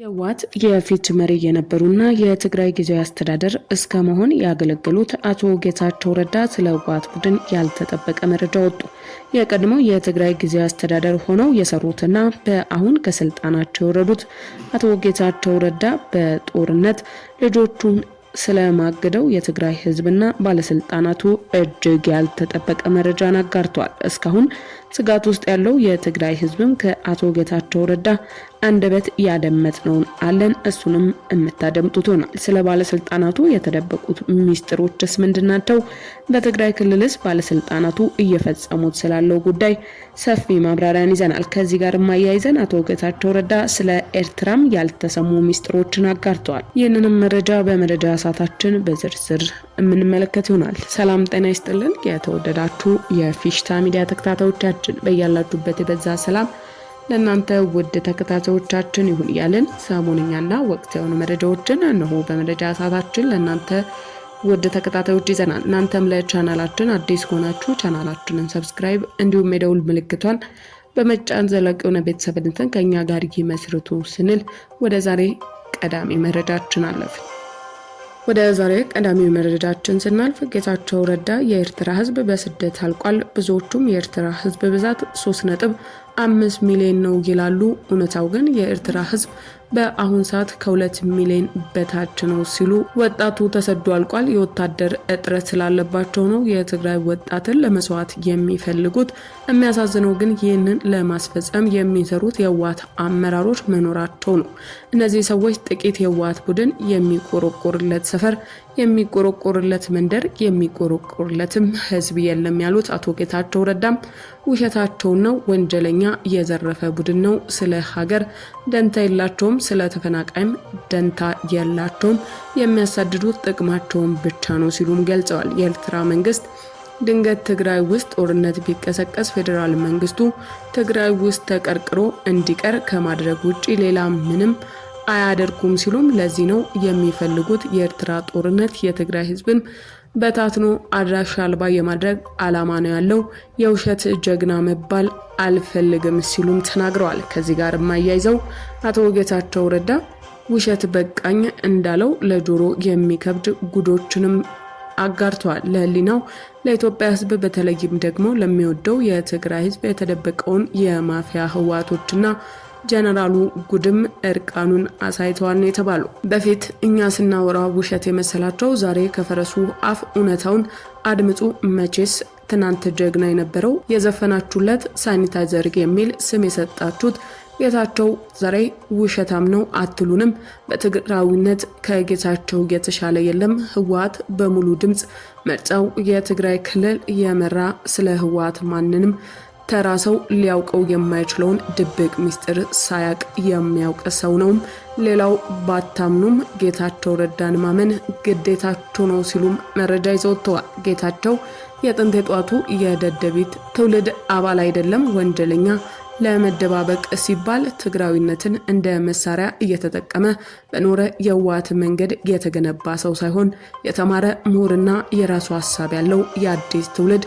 የህወሓት የፊት መሪ የነበሩና የትግራይ ጊዜያዊ አስተዳደር እስከ መሆን ያገለገሉት አቶ ጌታቸው ረዳ ስለ ህወሓት ቡድን ያልተጠበቀ መረጃ ወጡ። የቀድሞው የትግራይ ጊዜያዊ አስተዳደር ሆነው የሰሩትና በአሁን ከስልጣናቸው የወረዱት አቶ ጌታቸው ረዳ በጦርነት ልጆቹን ስለማገደው የትግራይ ህዝብና ባለስልጣናቱ እጅግ ያልተጠበቀ መረጃን አጋርተዋል። እስካሁን ስጋት ውስጥ ያለው የትግራይ ህዝብም ከአቶ ጌታቸው ረዳ አንደበት ያደመጥነውን አለን። እሱንም የምታደምጡት ይሆናል ስለ ባለስልጣናቱ የተደበቁት ሚስጥሮችስ ምንድናቸው በትግራይ ክልልስ ባለስልጣናቱ እየፈጸሙት ስላለው ጉዳይ ሰፊ ማብራሪያን ይዘናል። ከዚህ ጋር የማያይዘን አቶ ጌታቸው ረዳ ስለ ኤርትራም ያልተሰሙ ሚስጥሮችን አጋርተዋል። ይህንንም መረጃ በመረጃ እሳታችን በዝርዝር የምንመለከት ይሆናል። ሰላም ጤና ይስጥልን። የተወደዳችሁ የፊሽታ ሚዲያ ተከታታዮቻችን በያላችሁበት የበዛ ሰላም ለእናንተ ውድ ተከታታዮቻችን ይሁን እያልን ሰሞንኛና ወቅት የሆኑ መረጃዎችን እነሆ በመረጃ ሰዓታችን ለእናንተ ውድ ተከታታዮች ይዘናል። እናንተም ለቻናላችን አዲስ ከሆናችሁ ቻናላችንን ሰብስክራይብ እንዲሁም የደውል ምልክቷን በመጫን ዘላቂ የሆነ ቤተሰብነትን ከእኛ ጋር ይመስርቱ ስንል ወደ ዛሬ ቀዳሚ መረጃችን አለፍን። ወደ ዛሬ ቀዳሚ መረጃችን ስናልፍ ጌታቸው ረዳ የኤርትራ ሕዝብ በስደት አልቋል፣ ብዙዎቹም የኤርትራ ሕዝብ ብዛት 3 ነጥብ አምስት ሚሊዮን ነው ይላሉ። እውነታው ግን የኤርትራ ህዝብ በአሁን ሰዓት ከሁለት ሚሊዮን በታች ነው ሲሉ ወጣቱ ተሰዶ አልቋል። የወታደር እጥረት ስላለባቸው ነው የትግራይ ወጣትን ለመስዋዕት የሚፈልጉት። የሚያሳዝነው ግን ይህንን ለማስፈጸም የሚሰሩት የዋት አመራሮች መኖራቸው ነው። እነዚህ ሰዎች ጥቂት የዋት ቡድን የሚቆረቆርለት ሰፈር፣ የሚቆረቆርለት መንደር፣ የሚቆረቆርለትም ህዝብ የለም ያሉት አቶ ጌታቸው ረዳም ውሸታቸውን ነው። ወንጀለኛ የዘረፈ ቡድን ነው። ስለ ሀገር ደንታ የላቸውም፣ ስለ ተፈናቃይም ደንታ የላቸውም። የሚያሳድዱት ጥቅማቸውን ብቻ ነው ሲሉም ገልጸዋል። የኤርትራ መንግስት ድንገት ትግራይ ውስጥ ጦርነት ቢቀሰቀስ ፌዴራል መንግስቱ ትግራይ ውስጥ ተቀርቅሮ እንዲቀር ከማድረግ ውጭ ሌላ ምንም አያደርጉም ሲሉም ለዚህ ነው የሚፈልጉት የኤርትራ ጦርነት የትግራይ ህዝብን በታትኖ አድራሻ አልባ የማድረግ ዓላማ ነው ያለው የውሸት ጀግና መባል አልፈልግም ሲሉም ተናግረዋል። ከዚህ ጋር የማያይዘው አቶ ጌታቸው ረዳ ውሸት በቃኝ እንዳለው ለጆሮ የሚከብድ ጉዶችንም አጋርተዋል። ለህሊናው ለኢትዮጵያ ህዝብ በተለይም ደግሞ ለሚወደው የትግራይ ህዝብ የተደበቀውን የማፊያ ህዋቶችና ጀነራሉ ጉድም እርቃኑን አሳይተዋል ነው የተባሉ። በፊት እኛ ስናወራ ውሸት የመሰላቸው ዛሬ ከፈረሱ አፍ እውነታውን አድምጡ መቼስ ትናንት ጀግና የነበረው የዘፈናችሁለት ሳኒታይዘር የሚል ስም የሰጣችሁት ጌታቸው ዛሬ ውሸታም ነው አትሉንም? በትግራዊነት ከጌታቸው የተሻለ የለም። ህወሓት በሙሉ ድምፅ መርጫው የትግራይ ክልል የመራ ስለ ህወሓት ማንንም ተራ ሰው ሊያውቀው የማይችለውን ድብቅ ምስጢር ሳያቅ የሚያውቅ ሰው ነው። ሌላው ባታምኑም ጌታቸው ረዳን ማመን ግዴታቸው ነው ሲሉም መረጃ ይዘው ወጥተዋል። ጌታቸው የጥንት የጧቱ የደደቢት ትውልድ አባል አይደለም፣ ወንጀለኛ ለመደባበቅ ሲባል ትግራዊነትን እንደ መሳሪያ እየተጠቀመ በኖረ የዋት መንገድ የተገነባ ሰው ሳይሆን የተማረ ምሁርና የራሱ ሀሳብ ያለው የአዲስ ትውልድ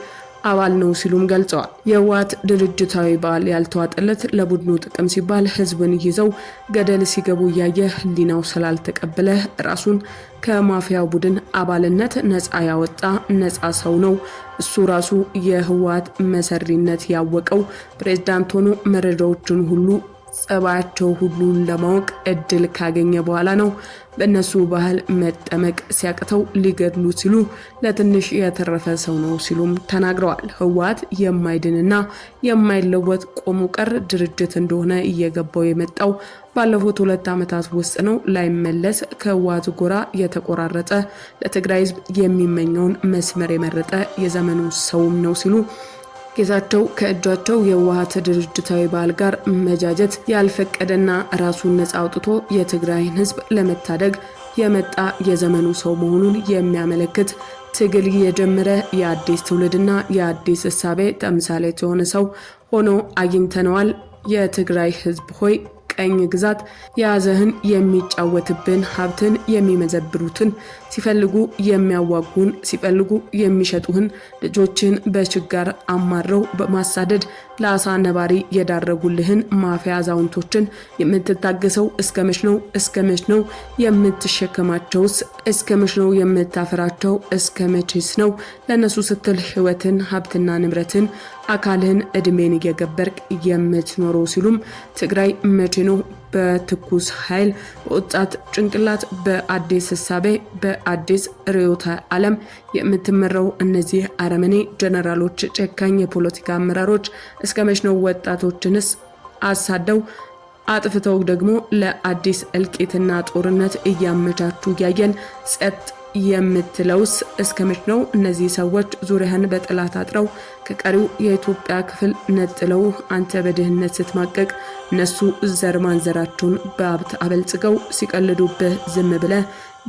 አባል ነው ሲሉም ገልጸዋል። የህወሓት ድርጅታዊ በዓል ያልተዋጠለት ለቡድኑ ጥቅም ሲባል ህዝብን ይዘው ገደል ሲገቡ እያየ ህሊናው ስላልተቀበለ ራሱን ከማፊያ ቡድን አባልነት ነፃ ያወጣ ነፃ ሰው ነው። እሱ ራሱ የህወሓት መሰሪነት ያወቀው ፕሬዝዳንት ሆኖ መረጃዎችን ሁሉ ጸባያቸው ሁሉን ለማወቅ እድል ካገኘ በኋላ ነው በእነሱ ባህል መጠመቅ ሲያቅተው ሊገድሉ ሲሉ ለትንሽ የተረፈ ሰው ነው ሲሉም ተናግረዋል። ህወሓት የማይድንና የማይለወጥ ቆሙ ቀር ድርጅት እንደሆነ እየገባው የመጣው ባለፉት ሁለት ዓመታት ውስጥ ነው። ላይመለስ ከህወሓት ጎራ የተቆራረጠ ለትግራይ ህዝብ የሚመኘውን መስመር የመረጠ የዘመኑ ሰውም ነው ሲሉ ጌታቸው ከእጃቸው የህወሓት ድርጅታዊ በዓል ጋር መጃጀት ያልፈቀደና ራሱን ነፃ አውጥቶ የትግራይን ህዝብ ለመታደግ የመጣ የዘመኑ ሰው መሆኑን የሚያመለክት ትግል የጀመረ የአዲስ ትውልድና የአዲስ እሳቤ ተምሳሌት የሆነ ሰው ሆኖ አግኝተነዋል። የትግራይ ህዝብ ሆይ ቀኝ ግዛት የያዘህን የሚጫወትብን ሀብትን የሚመዘብሩትን ሲፈልጉ የሚያዋጉን ሲፈልጉ የሚሸጡህን ልጆችን በችጋር አማረው በማሳደድ ለአሳ ነባሪ የዳረጉልህን ማፊያ አዛውንቶችን የምትታገሰው እስከ መች ነው? እስከ መች ነው የምትሸከማቸውስ? እስከ መች ነው የምታፈራቸው? እስከ መቼስ ነው ለእነሱ ስትል ህይወትን፣ ሀብትና ንብረትን፣ አካልህን፣ እድሜን እየገበርቅ የምትኖረው? ሲሉም ትግራይ መቼ ነው በትኩስ ኃይል፣ በወጣት ጭንቅላት፣ በአዲስ ህሳቤ፣ በአዲስ ርዕዮተ ዓለም የምትመራው እነዚህ አረመኔ ጀነራሎች፣ ጨካኝ የፖለቲካ አመራሮች እስከ መቼ ነው ወጣቶችንስ አሳደው አጥፍተው ደግሞ ለአዲስ እልቂትና ጦርነት እያመቻቹ እያየን ጸጥ የምትለውስ እስከ መች ነው? እነዚህ ሰዎች ዙሪያህን በጠላት አጥረው ከቀሪው የኢትዮጵያ ክፍል ነጥለው አንተ በድህነት ስትማቀቅ እነሱ ዘር ማንዘራቸውን በሀብት አበልጽገው ሲቀልዱብህ ዝም ብለህ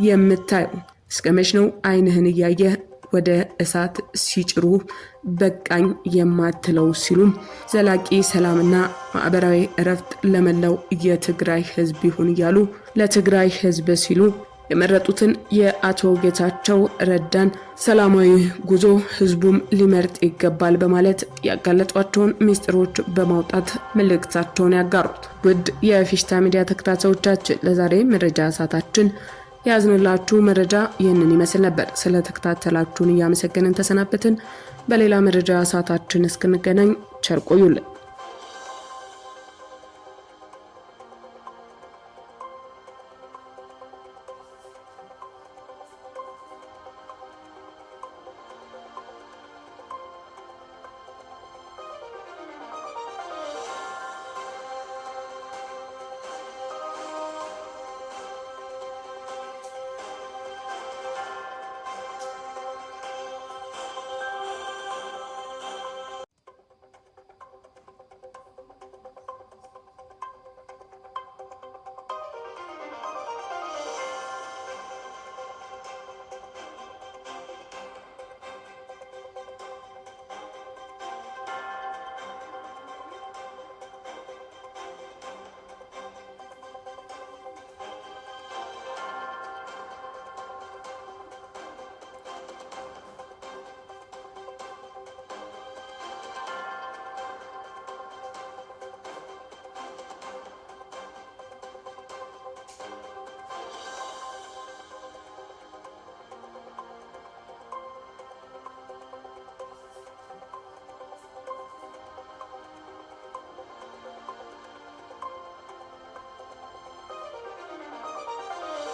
የምታየው እስከ መች ነው? አይንህን እያየ ወደ እሳት ሲጭሩ በቃኝ የማትለው ሲሉም ዘላቂ ሰላምና ማህበራዊ እረፍት ለመላው የትግራይ ህዝብ ይሁን እያሉ ለትግራይ ህዝብ ሲሉ የመረጡትን የአቶ ጌታቸው ረዳን ሰላማዊ ጉዞ ህዝቡም ሊመርጥ ይገባል በማለት ያጋለጧቸውን ሚስጥሮች በማውጣት መልእክታቸውን ያጋሩት። ውድ የፊሽታ ሚዲያ ተከታታዮቻችን ለዛሬ መረጃ ሰዓታችን የያዝንላችሁ መረጃ ይህንን ይመስል ነበር። ስለተከታተላችሁን እያመሰገንን ተሰናበትን። በሌላ መረጃ ሰዓታችን እስክንገናኝ ቸር ቆዩልን።